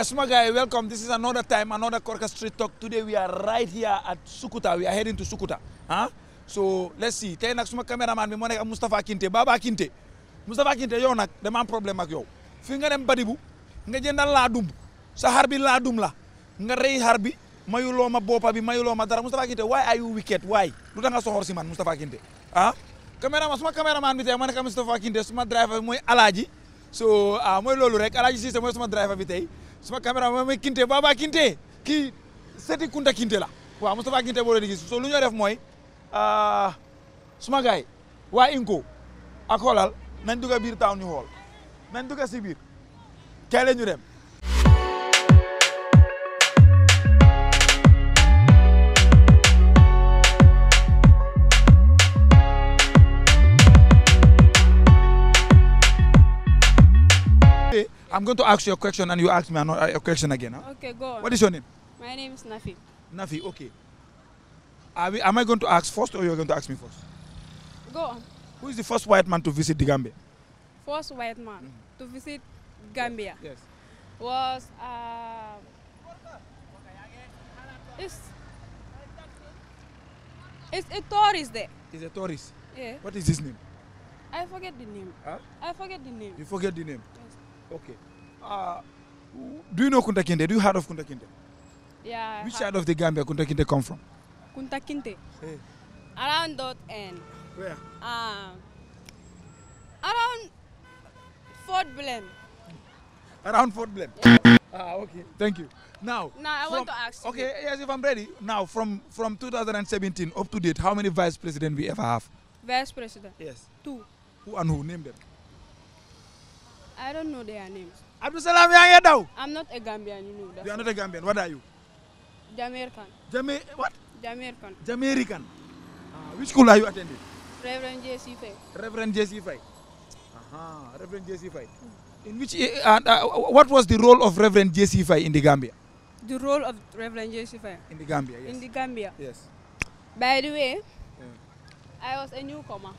Yes, my guy, welcome. This is another time, another Korka Street Talk. Today we are right here at Sukuta. We are heading to Sukuta. Huh? So let's see. Tell next my cameraman, me monek Mustafa Kinte, Baba Kinte. Mustafa Kinte, yo nak, dama problem ak yow. fii nga dem Badibu, nga jëndal laadum. Sa xar bi laadum la. Nga rey xar bi, mayuloo ma boppa bi, mayuloo ma dara. Mustafa Kinte, why are you wicked? Why? Lu tax nga soxor si man Mustafa Kinte? Huh? Ah? Cameraman, bi tey ma nekk Mustafa Kinte, suma driver bi mooy Alaaji. So, ah, loolu rek Alaaji Cissé mooy suma bi tey. suma caméra moom mooy Kinte Baba Kinte kii seti Kunta Kinte la waaw Moustapha Kinte boo leen gis so lu ñoo def mooy ah, suma gaay waa Inco ak xoolal nañ dugg biir town ñu xool nañ dugg si biir ñu dem. I'm going to ask you a question and you ask me another a question again. Huh? Okay, go on. What is your name? My name is Nafi. Nafi, okay. We, am I going to ask first or you're going to ask me first? Go on. Who is the first white man to visit the Gambia? First white man mm -hmm. to visit Gambia? Yes. yes. Was. um. it's, it's a tourist there. a tourist? Yeah. What is his name? I forget the name. Huh? I forget the name. You forget the name? Okay. Uh, do you know Kunta Kinte? Do you heard of Kunta Kinte? Yeah. Which side of the Gambia Kunta Kinte come from? Kunta Kinte. Hey. Around that end. Where? Um, around Fort Blen. Around Fort Blen. Yeah. Ah, okay. Thank you. Now. Now I from, want to ask. Okay, you. yes, if I'm ready. Now, from from 2017 up to date, how many vice presidents we ever have? Vice president. Yes. Two. Who and who? Name them. I don't know their names. Salam yaa ngi I'm not a Gambian, you know that. You are not a Gambian. What are you? Jamaican. Jama what? Jamaican. Jamaican. Uh, which school are you attending? Reverend J.C. Fay. Reverend J.C. Fay. Aha, Reverend J.C. Fay. In which, uh, uh, what was the role of Reverend J.C. Fay in the Gambia? The role of Reverend J.C. Fay? In the Gambia, yes. In the Gambia? Yes. By the way, yeah. I was a newcomer.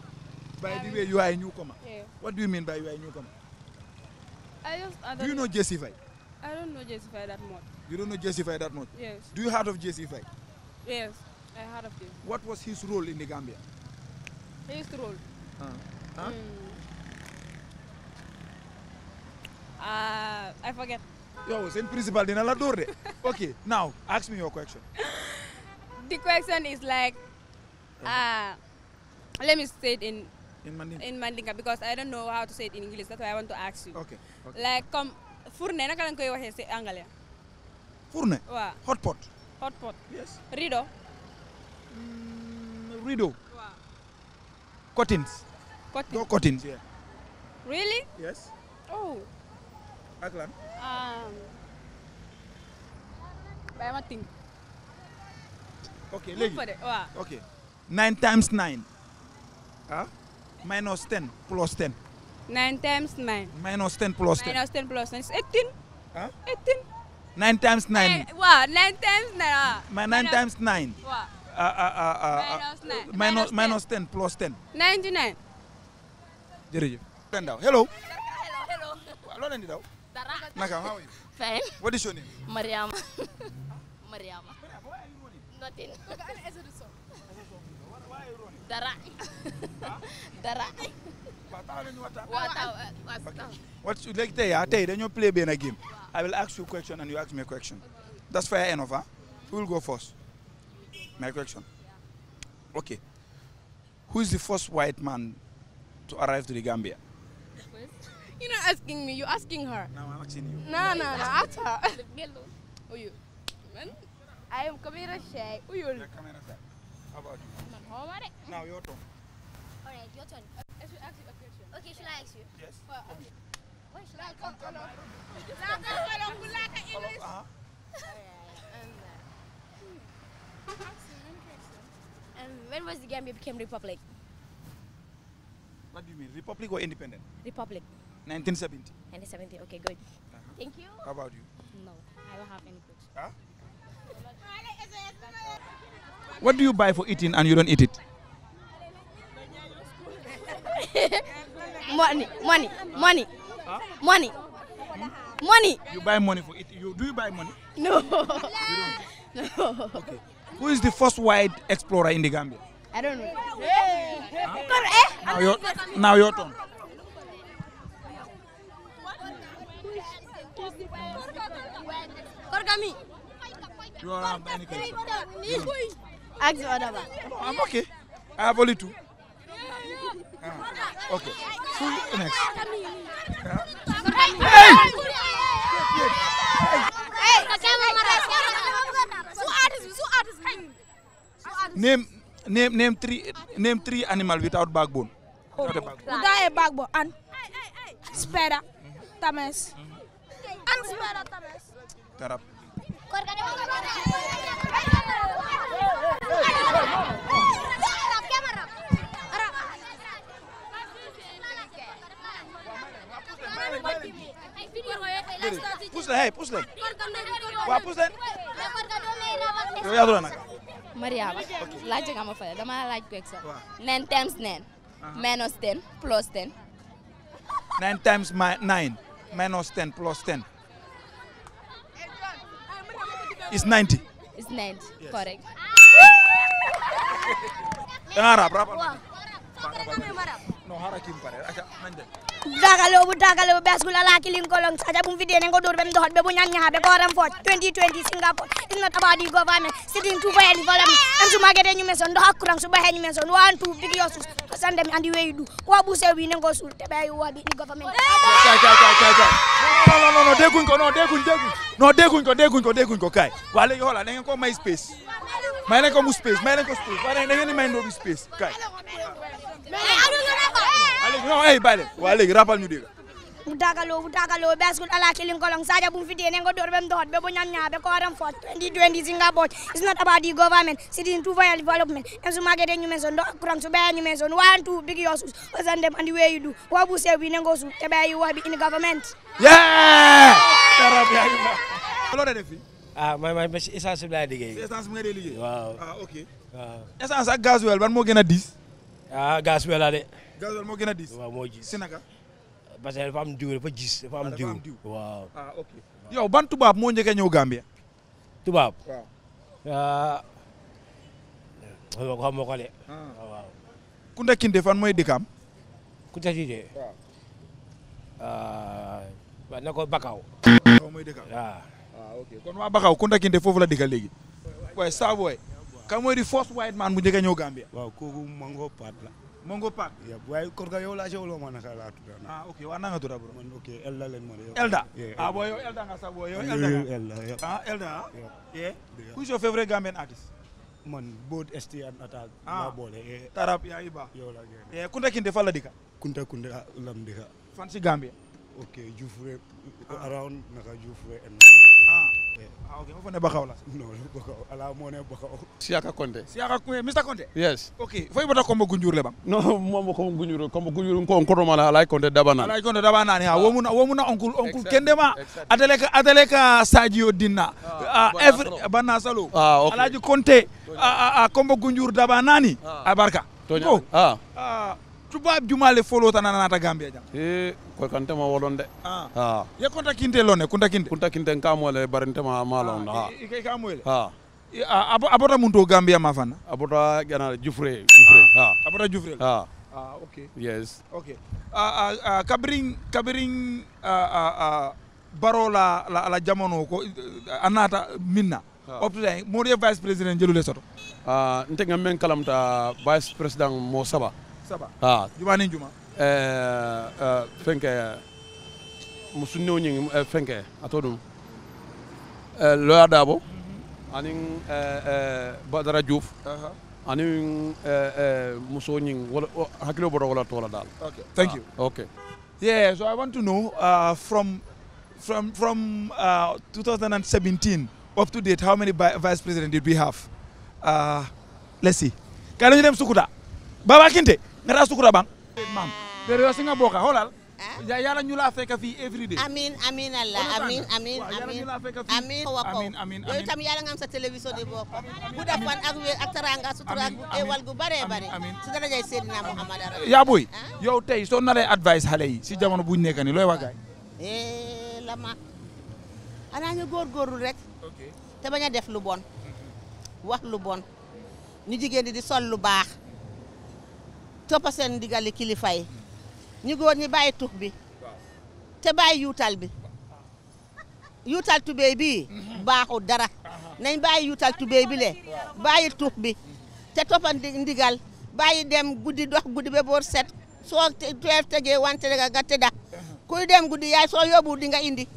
By I the mean, way, you are a newcomer? Yeah. What do you mean by you are a newcomer? I just. I do you know, know Jesse I don't know Jesse Faye that much. You don't know Jesse Faye that much? Yes. Do you heard of Jesse Faye? Yes, I heard of him. What was his role in the Gambia? His role? Uh, huh? Mm. Uh, I forget. Yo, same principal din la Okay, now ask me your question. the question is like, uh-huh. uh, let me say it in In Mandinka? In Mandinka because I don't know how to say it in English. That's why I want to ask you. Like comme um, fourne naka lañ koy waxee si anglais. Fourne? Waaw. Hot pot. Hot mm, Really? Yes. Oh. Ak lan? Um, bàyyi nine times nine minus 10 plus 10. 9 times 9. Minus 10 plus 10. Minus 10 plus 10 is 18. Huh? 18. 9 times 9. Wow, 9 times 9. Ah. My 9 times 9. Wow. Uh uh, uh, uh, uh, minus, uh, minus, minus 10 plus 10. 99. Jërëjëf. Hello. Hello, hello. Hello, Lendi Daw. Naka, how are you? Fine. What is your name? Mariama. Mariama. Mariama, why are you running? Nothing. Dara. What you like there? I tell you, then you play being a game. I will ask you a question and you ask me a question. That's fair enough, huh? Who will go first? My question. Okay. Who is the first white man to arrive to the Gambia? You're not asking me, you're asking her. No, I'm asking you. No, no, no, ask her. Uyu. I am camera shy. Uyu. camera shy. How about you? how about it? Now your turn. Alright, your turn. I should ask you a question. Okay, should I ask you? Yes. Well, come here. Why should I come? Come on. Laka, Laka, Laka, English. Uh-huh. Um, when was the Gambia became republic? What do you mean, republic or independent? Republic. 1970. 1970. Okay, good. Uh -huh. Thank you. How about you? No, I don't have any questions. Huh? What do you buy for eating and you don't eat it? money, money, money, huh? money, hmm? money. You buy money for it. You do you buy money? No. No. Okay. Who is the first white explorer in the Gambia? I don't know. Huh? Eh? Now your now your turn. You are ask the other one. No, I'm okay. I have only two. Ah, okay. Who next? Yeah. Hey! Name name name three name three animal without backbone. Without a backbone. Without a backbone and spider, tames, and spider tames. Tarap. pousse leen hey pousse leen waaw pousse leen yow yaa tudd nag. Mariama laaj nga ma fayal dama laaj beeg sax. nine times nine. minus ten plus ten. nine times nine minus ten plus ten. is ninety. is ninety correct. danga rab rabal no hara kim pare acha nande dagale obu dagale obu basgul ala kilin kolong saja bum videne ngo dur bem dohot be bu be ko ram fo 2020 singapore is not about the government sitting to fire the volume and to magede nyume son do hakurang so bahe nyume son one two big yosus sande mi andi way du ko bu sewi ne ngo sul te bayu wabi ni government cha cha cha cha cha no no no no degun ko no degun degun no degun ko degun ko degun ko kai wale yo hola ne ko my space may nañ ko mu space may nañ ko space waaye da ngeen di may ndóo bi space kay. non ay bàyyi leen waa léegi rappal ñu dégg. bu dagaloo bu dagaloo be asgul ala kilin kolong saja bum fide ne ngo dorbe mdot be bonyan nya be ko aram fort 2020 zinga bot is not about the government citizen to violent development en su magede ñu meso ndo kuram su be ñu meso one two big yosus was and them and the way you do wa bu se bi ne ngo su te be you wa bi in government yeah tarab ya yu ma lo de fi ah man man essence bi laay liggéey. waaw ah ok. waaw essence ban moo gën a diis. ah gasoil a de. gasoil moo gën a diis. waaw moo diis si parce que dafa diw dafa gis dafa ah, diw. waaw ah, yow ban tubaab moo njëkkee ñëw Gambia. tubaab. waaw. loolu ah, waaw. Kunta fan mooy dëkkam. Kunta Kinte. ko Bakaw. waaw mooy dëkkam ah ok kon waa Baxaw Kounda Kinte foofu la dëkk léegi. waaye saa booy. kan mooy di first white man bu njëkk a ñëw Gambia. waaw kooku Mango Pat la. Mango Pat. waaye kon ka yow laa sewuloo ma naka laa tudd. ah ok waa naa nga tudd bro. man ok Elda lañ ma de. Elda ah booy yow Elda nga saa booy yow Elda nga. ah Elda ah. yeah who is your favorite Gambian artist. man both ST and attack. ah Tarap yaa ngi baax. yow la gën Kounda Kinte fan la dëkk. Kounda Kinte lam dëkk. fan si Gambia. ok Jufure ah. around naka Jufure and. Ah. ah ok ma fa ne la. non Konte. Siaka Konte. yes. ok fo i bota le bang. non mo mo kombo gunjur kombo gunjur ko on koroma la konte dabana. alay konte wo mun wo mun onkul kendema atele ka atele ka ah, Sadio Dinna. ah, ah Efre Konte. ah ah kombo gunjur dabana ni. barka. ah ah. juma le folo na nata gambia jam e ko kante ma wolon de ah ha ye konta kinte lone kunta kinte kunta kinte le barinte ma malon ah, ha e le ha abo abota munto gambia ma fana abota gana jufre jufre ah, ha abota jufre ha ah okay yes okay ah ah, ah kabring kabring ah ah baro la la, la jamono ko eh, anata minna optay mo vice president jelu le soto ah nte ngam men kalamta vice president mo saba saba ah juma ni juma eh eh fenke musunni onyi eh, fenke atodum eh loya dabo mm-hmm. ani eh eh badara juuf uh-huh. ani eh eh muso nyi wala hakilo bodo wala tola dal okay thank ah, you okay yeah so i want to know uh from from from uh 2017 up to date how many vice president did we have uh let's see Kanaji dem sukuta. Baba Kinte. nga daa sukura ban maam dere yo si nga bokka xoolal yàlla ñu laa fekk fii every day amin amin allah amin amin amin amin amin amin yow itam yàlla nga am sa télévision di bokk bu def fan ak wér ak taranga sutura ak éwal gu bare bare si darajay Seydina Muhammad yaa boy ah? yow tey soo naree advice xale yi si jamono buñ nekk ni looy wax gaay eh lama ana ñu góorgóorlu rek te bañ a def lu bon wax lu bon ñu jigéen di di sol lu baax toppa seen ndigali kilifa kilifay ñu góor ñi bàyyi tux bi te bàyyi yuutal bi yuutal tubéy bi baaxul dara nañ bàyyi yuutal tubéy bi le bàyyi tux bi te toppa ndigal bàyyi dem guddi dox guddi ba boor set soo te tegee wante ga nga tëdda kuy dem guddi yaay soo yóbbu di nga indi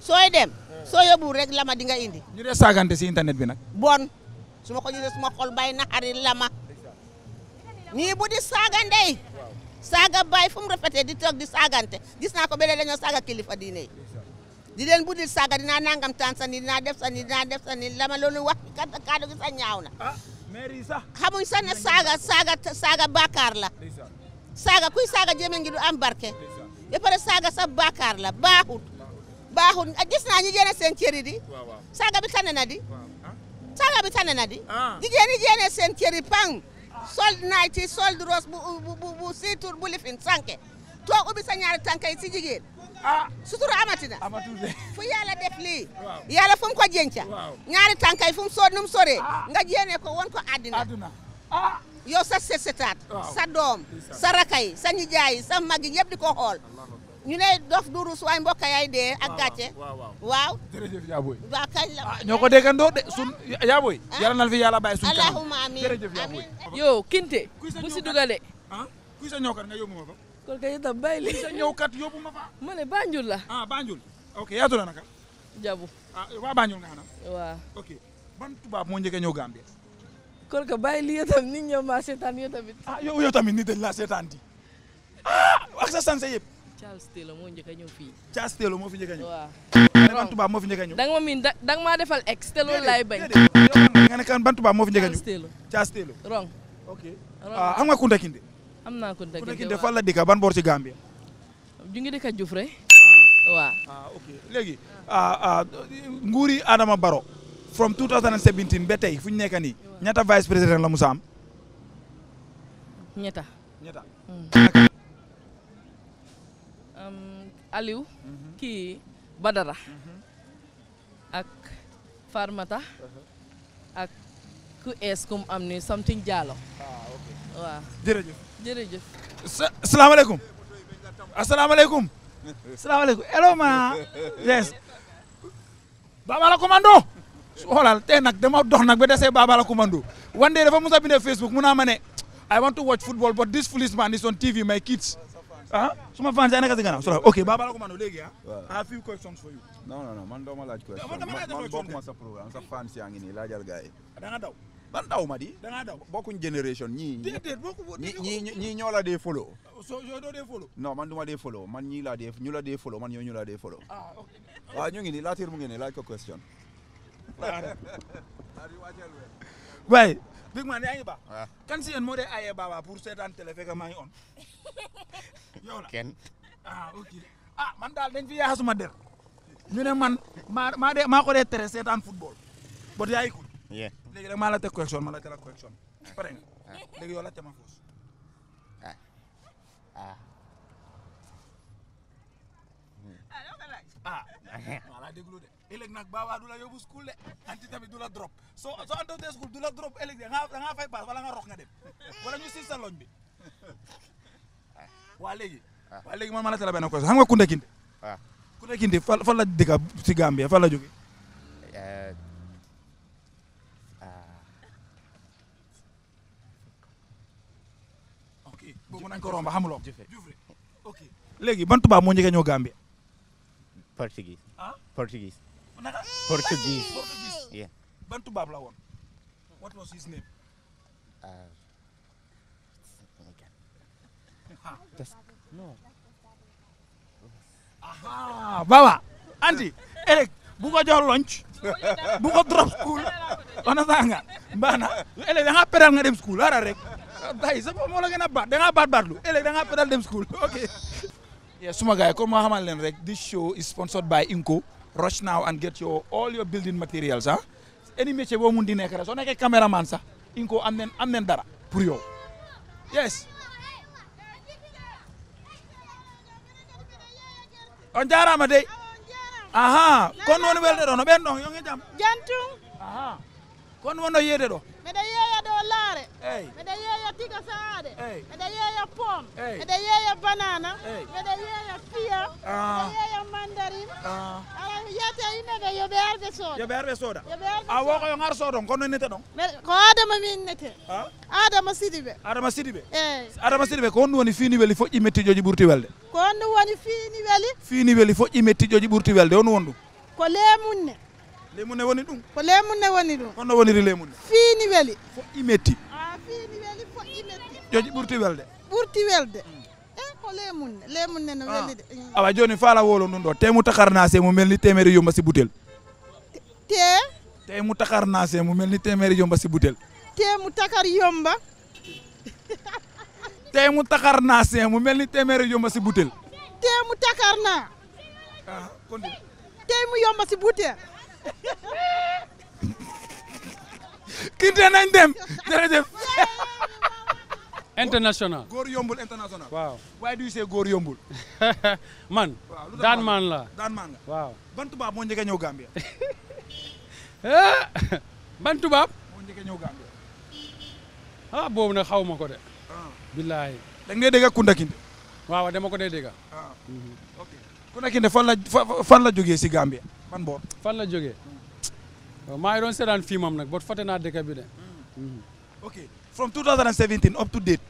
sooy dem soo yóbbu rek lama di nga indi ñu dee si internet bi nag bon su bay naxari lama nii bu di saaga ndey saaga baay fu mu di toog di saagante gis ko ba léegi dañoo saaga kilifa diine yi di leen budil saaga dinaa nangam taan sa ni dinaa def sa ni dinaa def sa ni lama loolu wax kaddu gi sax ñaaw na ah, xamuñ sax ne saaga saaga saaga bàkkaar la saaga kuy saaga jéeme ngi du am barke ba pare saaga sax bàkkaar la baaxut baaxut ah, gis naa ñu jéene seen di saaga bi tane na di ah. saaga bi tane na di jigéen ñi jéene seen cëri pang solde naay ci solde rose bu siitur bu lifin sànke too ubbi sa ñaari tànk yi si jigéen. ah sutura amatina. amatul de fu yàlla def lii. waaw yàlla fu mu ko jënca. ñaari tànk yi fu mu soo nu mu soree. Ah. nga jéene ko won ko àddina. Ah. yow sa sesetaat. sa doom sa rakay sa nijaay sa mag yi di ko xool. ñu ne dof du rus waaye mbokk yaay ak gàcce. waaw waaw ah, ñoo ko déggandoo de ah. sun Yaaboy. Ah. yàlla na fi yàlla bàyyi suñu kanam kinte. bu si dugale. ah kuy sa ñëwkat nga yóbbu ma fa. ma fa. la. ah ban tubaab a ñëw Gambie. kon ka ñëw maa seetaan yow tamit. ah yow yow tamit ni dañ laa seetaan di ah ak sa sanse yëpp Charles Taylor moo njëkk a ñëw fii. Charles Taylor moo fi njëkk a ñëw. waaw. ban tubaab moo fi njëkk a ñëw. da dang ma miin da da nga maa defal ex te loolu bañ. nga ne kan ban tubaab moo fi njëkk a ñëw. Charles Taylor Charles Taylor. wrong. ok ah, am nga Kunta Kinte. am naa Kunta Kinte Kunta Kinte fan la dëkk ban boor ci Gambia. ju ngi dëkk Jufre. Ah. waaw ah ok léegi. Ah, nguuri Adama Barrow. from 2017 ba tey fu ñu nekk ni. ñetta vice President la Musa am. ñetta. ñetta. Hmm. Ehm, Aliou mhm. kii Badara mhm. ak Farmata uh-huh. ak ku ees am ni something Diallo ah, waaw jërëjëf jërëjëf salaamaaleykum asalaamaaleykum salaamaaleykum hello ma yes Baba la commando xoolal tey nag dama dox nag ba desee Baba la commando one day dafa musa bindee Facebook mu naa ma ne I want to watch football but this policeman is on TV my kids ah fans ana kasi kana oke, okay baba la ko man ah. i have few questions for you no no no man mau lagi questions. question man bokku ma sa program sa fans yaa ngi lagi laajal gaay eh. da nga daw ban daw ma di da nga daw bokkuñ generation ñi déedéet bokku ñi ñi ñoo la follow so yo do dee follow non man duma dee follow man ñi la dee ñu la follow man yo ñu la follow ah okay waaw ah, ñu ngi ni laatir mu ngi ni laaj ko question waaye Big man yaa ya, ngi ah. kan si yéen mode dee ya, ayee ya, baaba pour seetaan télé fekk maa on. yow la kenn. ah ok ah man daal dañ fi yaa suma der. ñu ne man maa de maa ko dee tere seetaan football. bot yaa ngi ko. léegi rek maa la teg correction ma la teg la pare nga léegi yow la tema foos. ah ah. ah. ah ah ah ah ëllëg nag baawaa du la yóbbu school de anti tamit du la drop soo soo a school du a drop ëllëg da ngaa da ngaa fay paas wala nga rox nga dem wala ñu si sa bi waa léegi. man ah. ma la tala benn question xam nga Kunta Kinte. waaw ah. Kunta Kinte fan fan la si Gambia fan la jógee. Eh, ah. ok nañ ko romb xamuloo ok léegi ban tubaab moo njëkkee ñëw Gambia. Portugis, Portuguese. Portuguese. Iya. Yeah. what was his name. ah. no. Aha, baba. Andy, Eric buka jual lunch Buka drop school Mana tangga, Mana? Eric, dengan apa nga pedal school ada Eric. Dah, sa mau lagi gën Dengan baat da nga baat baatlu ele dem school Oke. Ya, semua gaay kau mau xamal this show is sponsored by Inco rush now and get your all your building materials ah any métier mun di nekk rek soo nekkee caméraman in ko am nen dara pour yow yes on jarama dey aha kono woni welde ɗo no ɓen ɗon yo jam jantum aha kono wonno yeyde ɗo Hey. Met de je tiga saade. Hey. Met je pom. Hey. Met de je banana. Hey. Met de je pia. Ah. je mandarin. Ah. Ala yate ina de yo soda. Yo soda. Yo berbe. Awo ah, soda nete don. Ko adama min nete. Ah. Adama sidibe. Adama sidibe. Eh. Adama sidibe ko on woni fini weli foƴƴi mettijoji ɓurti welde. Ko on woni fini weli. Fini weli foƴƴi mettijoji ɓurti welde on won ɗum. Ko lemunne. Lemunne woni ɗum. Ko lemunne woni ɗum. Honno woniri lemunne. weli. joji ɓurti welde ɓurti welde hmm. e eh, ko lemunne lemunne no ah. welde awa ah, joni faala wolo ɗum ɗo temu takarnase mo melni temere yomba si butel yomba si butel temu takar yomba temu takarnase mo melni temere yomba si butel temu takarna ah, temu yomba si butel kinte nañ dem jërëjëf international góor yombul international. waaw waaye du see góor yombul. man. daan maan la daan maan waaw. ban tubaab moo njëkk a ñëw a ah, boobu nag xaw ma ko de. Ah. billaahi. da nga dégg waaw dama ko dee dégg. Ah. Mhm. ok fan la fan la jógee si Gambia. ban boor fan la jógee. Hmm. maa ngi doon seddaan fii moom nag boo fàtte naa dëkk bi de. Hmm. Mhm. from 2017 up to date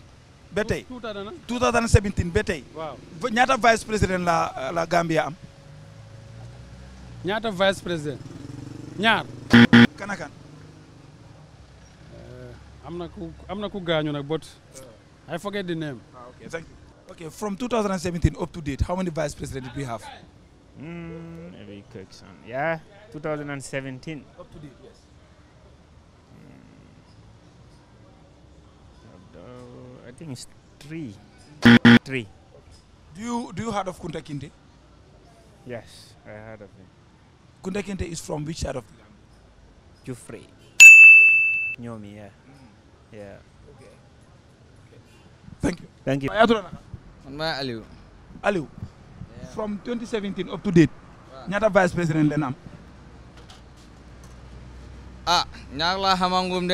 ba 2017 ba Wow. Nyata vice président la la Gambia am ñaata vice président Nyar. kan ak kan eh, am na ku am not ku gaañu but I forget the name ah, okay thank you okay from 2017 up to date how many vice president did we have mm, very yeah 2017 up to date yes think it's three. Three. Do you do is from which side of the Gambia? Mm. you. Thank you. Man Aliou. Aliou. From to date. ñaata vice président leen ah ñaar laa xamangum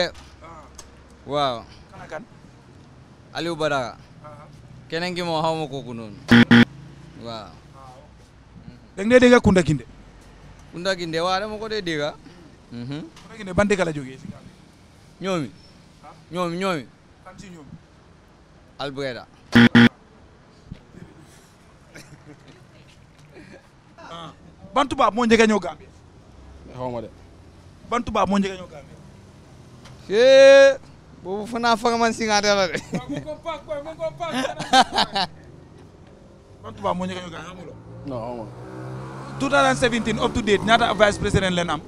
Aliou Badaga keneen ki moom xaw ma kooku dee dégg Kounda Kinde. Kounda Kinde waaw dee dégg. Mhm. Kounda Kinde ban dëkk la jógee si Gambie. ñoomi moo njëkk a ñëw de. ban tubaab moo njëkk a boobu Fana fa man si ngaate la de. ko paak koy mu ko paak. 2017 up to date ñaata vice président Lenam. am.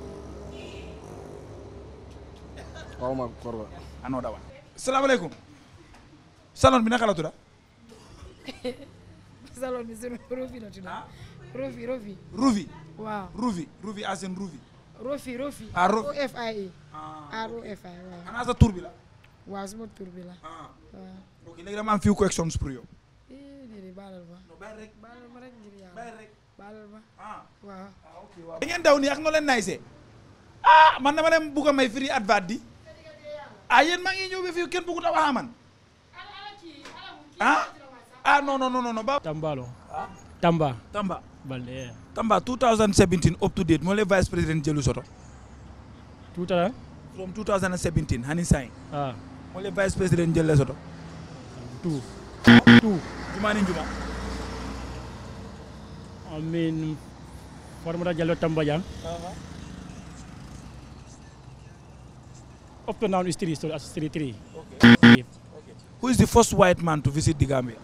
waaw ma kor la. salon bi naka la salon bi Rofi la tudd. Rofi Rofi. Rofi. Wow. Rofi Rofi Asien Rofi. Rofi Rofi. ah O F I E. R O F I waaw. xanaa sa waaw sama tur bi la. ah waaw. ok léegi dama am few questions eh, ma. baalal rek baalal ma rek ngir yàlla. baalal rek baalal ma. ah waaw. Ah, daw nii ak nga leen naysee. ah man dama dem bugg may free advert di. ah yéen maa ngi ñëw ba fii kenn bëggut a wax ah, man. ah. ah non non non non. Tamba lo. ah eh. up to date moo lay vice président jëlu soto. tout à fait. from 2017 hani sign. ah. moo leen vice président jël Lesotho tout jumaani juma amin Fatoumata Jallow Tambajang up who is the first white man to visit the Gambia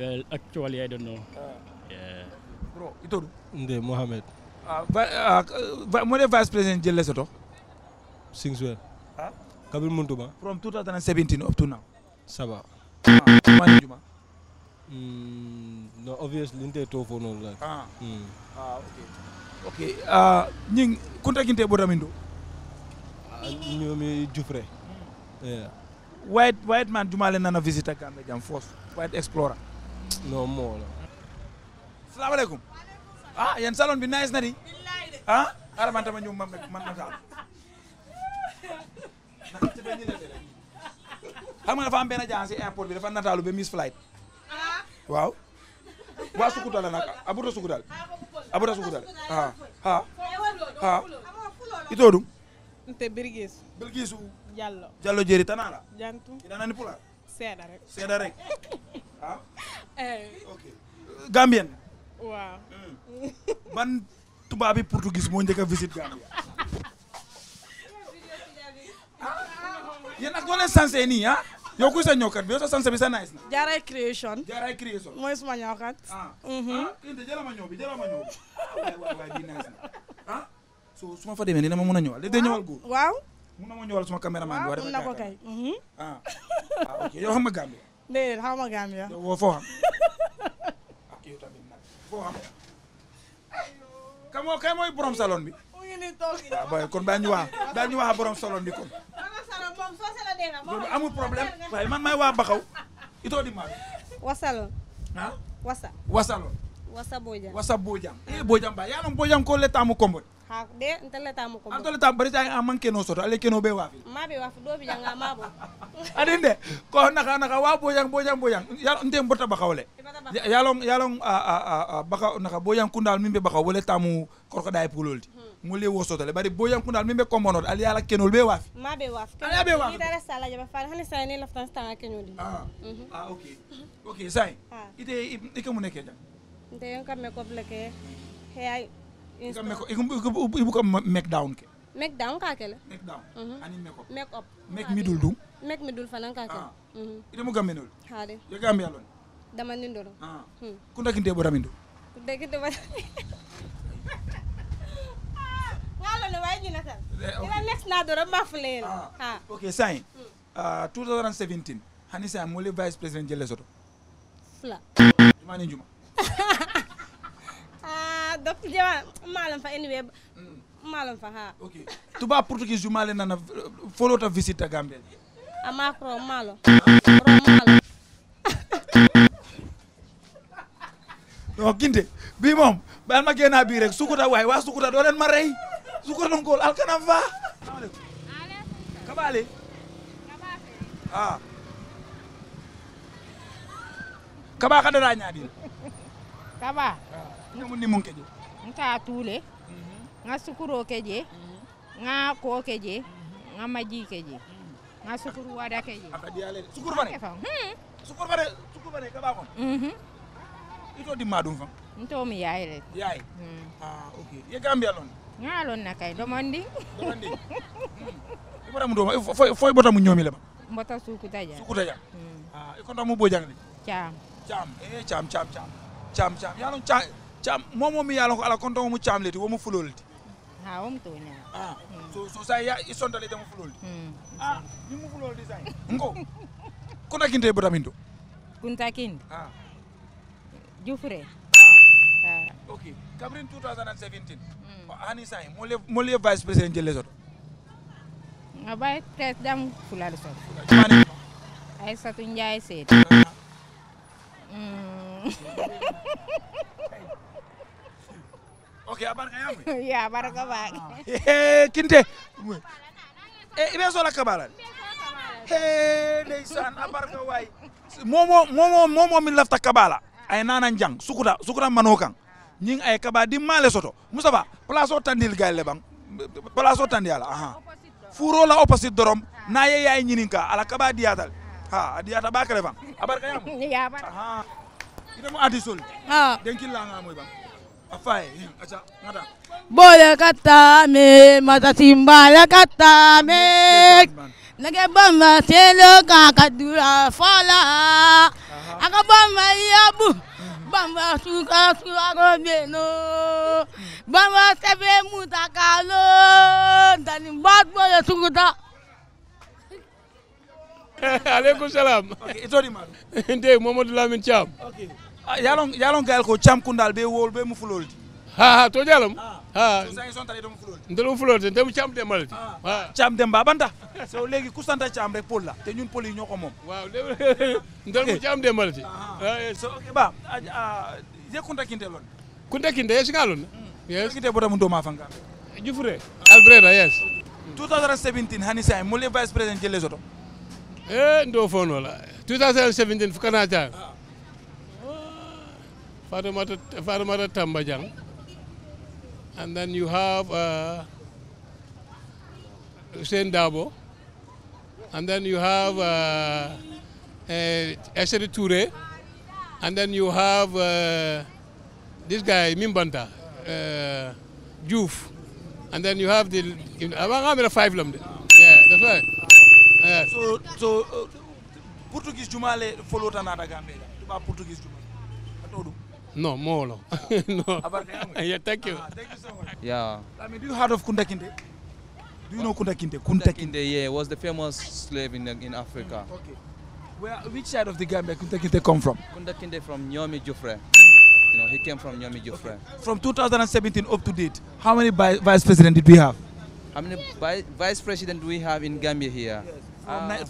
well actually I ah. ah, ah, vice président jël Lesotho Singswell Kabir Muntuma. From 2017 up to now. Saba. Ah, Mani Juma. no, obviously, inte to for no like. Ah. Mm. Ah, okay. Okay. Ah, uh, nying kunta kinte boda mindo. Nyomi Jufre. Yeah. White White man Juma le nana visit Gambia jam first. White explorer. No more. Assalamu alaikum. Ah, yan salon bi nice nadi. Ah, ara man tama nyum man sa xam nga dafa am jaan si airport bi dafa nataalu ba miss flight waaw waa Sukutal la nag abuta Sukutal abuta Sukutal ah ah ah itoo dum nte Birgis Jallo jeri tanala jantu seeda rek seeda rek eh. Gambien waaw hmm. ban tubaab bi moo njëkk a visite yéen nag doo leen sensé nii ah yow kuy sa ñëwkat bi yow sa sensé bi sa nice na. Jaaray Creation. mooy suma ah. Mhm. Ah, ma ñëw bi jëla ah, so su ma fa demee dina ma mën a ñëwal dina ñëwal góor. waaw mun na ma ñëwal suma caméraman bi. waaw mun na ko kay. Mhm. ah ok yow xam nga Gambia. déedéet xam nga Gambia. yow foo mooy borom salon bi kon. loolu amul problème waaye man may waa baxaw wasa wasaloon wasa bojam wasa bojam e eh, bojam ba yaanam bojam ko le tamu kombo naka naka wa bojang bojang bojang ya ntem borta ba xawle yalong a a a bojang kundal mimbe ba xawle tamu korko day pulolti hmm. mulle wosotole bari boyankunal min ɓe commonoɗo ala ala kenol ɓe waafi ma ɓe waafi ala ɓe waafi ɗara sala jaɓa faare hani sa ni laftan stanga keñodi a ah. mhm. ah, ok ok say ah. ite ike mune keja nte yon kam me koble ke heya ibu kam down ke make down ka kele make down mhm. ani make up make up make midul dum make midul fanan ka kele mhm. ite mu gambenol haade yo gambiyalon damandindoro hmm. kundakinte ɓoramin du kundakinte ɓoramin ಸಾಲನು ವೈಜಿನಸರ್ ಇಲ್ಲ ನೆಕ್ಸ್ಟ್ ನಾದರ ಮಾಫ್ಲೆ ಹಾ okay since 2017 hani sa mo le vice president jelle soto fla juma juma ah donc jama malam fa anyway malam hmm. fa ha okay tuba juma le nana folota visit ta gambel amakro malo ro malo non kinte bi moom baal ma génnaa bii rek sukuta waay waa sukuta doo leen ma rey Zoukoron gol, alkan kanam va? Kaba ale? Ah. Kaba kada da nyabi. Kaba. Nyamu ni mun keje. Nta tule. Mhm. Nga sukuro keje. Mhm. Nga ko keje. Nga maji keje. Nga sukuru wada keje. Abadi ale. sukur bane. sukur hmm. Sukuru bane, sukuru bane kaba kon. Mhm. Ito di madum fa. Nto mi yaay rek. Hmm. Ah, okay. Ye Gambia lon. ñaalon na kay domondi domondi i bota mu doma foy bota mu ñoomi lema mbota sukuta ja sukuta ja hmm. ah i konta mu bo jangli caam caam eh caam caam caam caam caam yaalon caam caam momo mi yaalon ko ala konta mu caam leti wo mu fulolti ha wo mu toña ah hmm. so so sa ya i sontale dama fulolti hmm. ah ni mu fulolti say ngo kuna kinte bota mindo kunta kinde ah jufure okay Cameroon 2017 mm. ani sai mole mole vice president jelle soto abai tes e dam fulal soto ay satu njay set Okay, abar ka Ya, abar ka ba. Eh, kinte. Eh, ibe e so la kabalan. Hey, ndeysaan abar ka way. Momo momo momo min lafta kabala. Ay nanan jang, sukura, sukura manokang ñing ay kaba di malé soto mustafa place o tandil le bang place o tandial ala aha furo la opposite dorom na ye yaay ñininka ala kaba yatal ha yata ba kale bang abar kayam ya ba ha ida mo adi sol ha denki la nga moy bang afay acha ngata bole me mata timbala me Nage bamba telo kakadura fala. aga bamba yabu. Hmm. Bamba suka suka beno. Bamba sebe muta kalo. Dani bat boya sukuta. Alaikum salam. Okay, itori man. Inde Mohamed Lamin Cham. Okay. Ah, yalon yalon gal ko Cham kundal be wol be mu fuloldi. Ha ha to jalam. Ah. Ah. ndelo fulol te mu caam demba la waaw ah. ah. caam demba banta so léegi ku sant caam rek pol la te ñun pol i ñoo ko moom waaw ndel mu caam demba la ti so ok ba je kunta kinte lon kunta kinte yes nga bota mun ma fanga jufure albreda yes hani sai mole vice president je lesoto e eh, ndo fono la fukana ta Fatoumata Fatoumata Tamba And then you have uh, Hussein Dabo. And then you have uh, uh Eseri Toure. And then you have uh, this guy, Mimbanta, uh, Juf. And then you have the. How many five of them? Yeah, that's right. Yeah. So, so uh, Portuguese Jumale followed another Gambia. Portuguese Jumale. No, Molo. no. yeah, thank you. Ah, thank you so much. Yeah. I mean, do you heard of Kunda Kinde? Do you know Kunda Kinde? Kunda Kinde, yeah, was the famous slave in, in Africa. Mm, okay. Where, which side of the Gambia Kunda Kinde come from? Kunda Kinde from Nyomi Jufre. Mm. You know, he came from Nyomi Jufre. Okay. From 2017 up to date, how many vice presidents did we have? How many vice president do we have in Gambia here? Yes.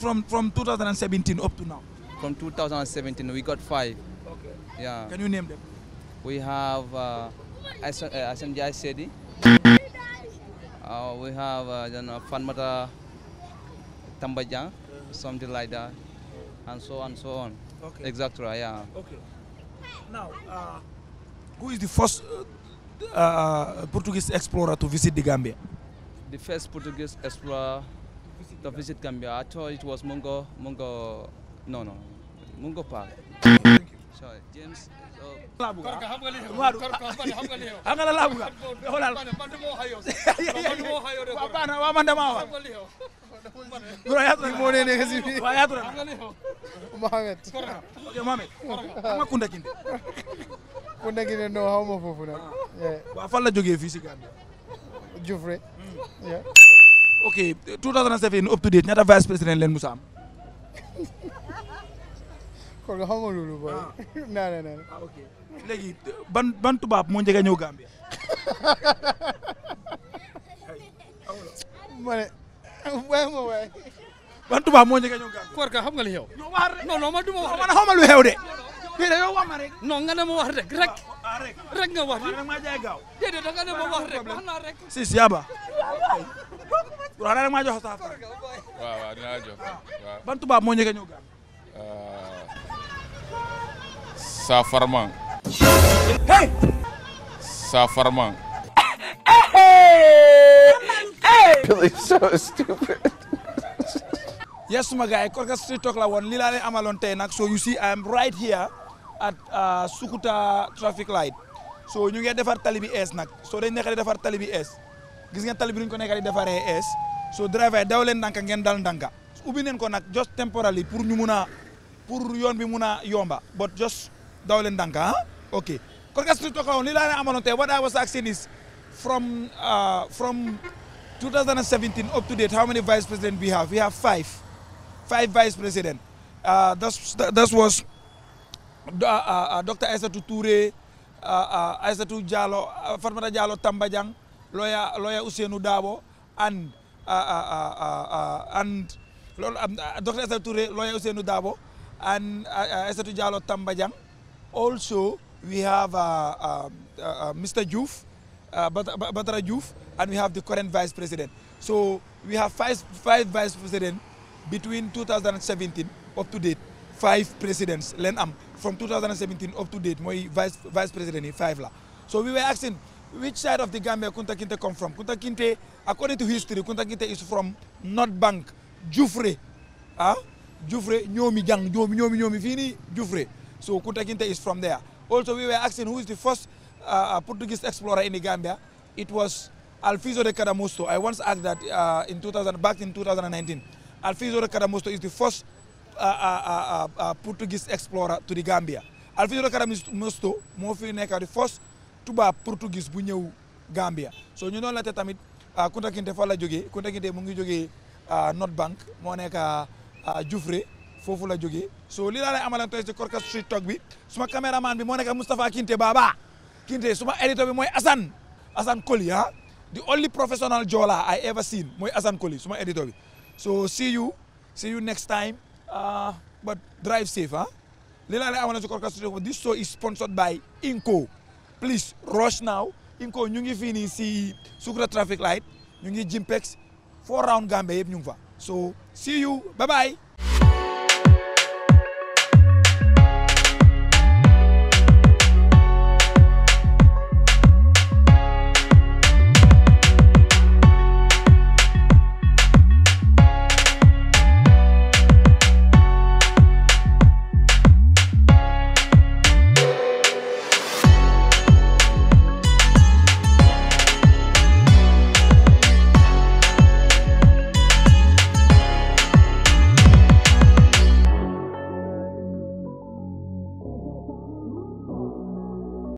From, uh, from, from 2017 up to now? From 2017, we got five. Okay. Yeah. Can you name them? We have uh, SMGI uh, Sedi. Uh, we have uh, you uh, know, Fanmata Tambajang, something like that, and so on and so on. Okay. Exactly, yeah. Okay. Now, uh, who is the first uh, uh, Portuguese explorer to visit the Gambia? The first Portuguese explorer to visit Gambia. I thought it was Mungo, Mungo, no, no, Mungo Park. sorry James. laa bëgg a xam nga li a na waaw man de maa wax. ma foofu nag. waaw fan la jógee fii si Gambia. Jufre. ok in up to date ñaata vice président leen Musa kon xamoo loolu booy. Ah. naa ne naa ne. ah ok léegi moo njëkk a ñëw Gambia. ma ne moo njëkk a ñëw Gambia. koor ka xam nga li xew. non non lu xew de. fii de yow wax ma rek. wax rek ah, ah, rek. rek nga wax. waaw maa jaay nga ne ma wax rek wax naa rek. si si yaba. waaw rek maa jox sa moo njëkk a ñëw Safarman. Hey! Safarman. Hey! Hey! so stupid. yes, my guy. Korka Street Talk la one. Lilale Amalonte nak. So you see, I'm right here at uh, Sukuta traffic light. So ñu ngi defar tali bi S nak. So dañ nekk di defar tali bi S. Gis ngeen tali bi ñu ko nekk di S. So driver daw leen ndanka ngeen dal ndanka. Ubi ko nak just temporarily pour ñu pur yon pour yoon bi yomba. But just daw leen ndànk ah ok Korkastu Talk Around lii laa leen amaloon tey what I was asking is from uh, from 2017 up to date how many vice president we have we have five five vice president uh, that's that was uh, uh, uh Dr. Aissatou Touré uh, Aissatou Diallo Fatmata Diallo Tambajang lawyer lawyer Ousseynou Dabo and and um, Dr. Aissatou Touré lawyer Ousseynou Dabo and Aissatou Diallo Tambajang Also, we have uh, Mr. Um, Juf, uh, uh, uh Batara Juf, and we have the current vice president. So we have five, five vice presidents between 2017 up to date. Five presidents, len from 2017 up to date, my vice, vice president, five la. So we were asking, which side of the Gambia Kunta Kinte come from? Kunta Kinte, according to history, Kunta Kinte is from North Bank, Jufre. Huh? Jufre, ah? Nyomi Gang, Nyomi, Nyomi, Nyomi, Fini, Jufre. So Kuta Kinte is from there. Also, we were asking who is the first uh, uh Portuguese explorer in the Gambia. It was Alfizo de Cadamusto. I once asked that uh, in 2000, back in 2019. Alfizo de Cadamusto is the first uh uh, uh, uh, Portuguese explorer to the Gambia. Alfizo de Cadamusto moo fi the first tuba Portuguese bu ñëw Gambia. so ñu doon la te tamit Kunta Kinte fa la jógee Kunta Kinte mu ngi jógee North Bank moo nekk Jufre fofu la jógee so li la lay amalan tey ci Korka Street tok bi suma caméraman bi mo nek mustafa Kinte Baba Kinte suma éditeur bi moy Assane Assane Koli ha ah. the only professional jola I ever seen moy Assane Koli suma éditeur bi so see you see you next time uh, but drive safe ha ah. li la lay amalan ci Korka Street Talk this show is sponsored by Inco please rush now Inco ñu ngi fini ci Sucre traffic light ñu ngi Jimpex four round gambe yëpp ñu fa so see you bye bye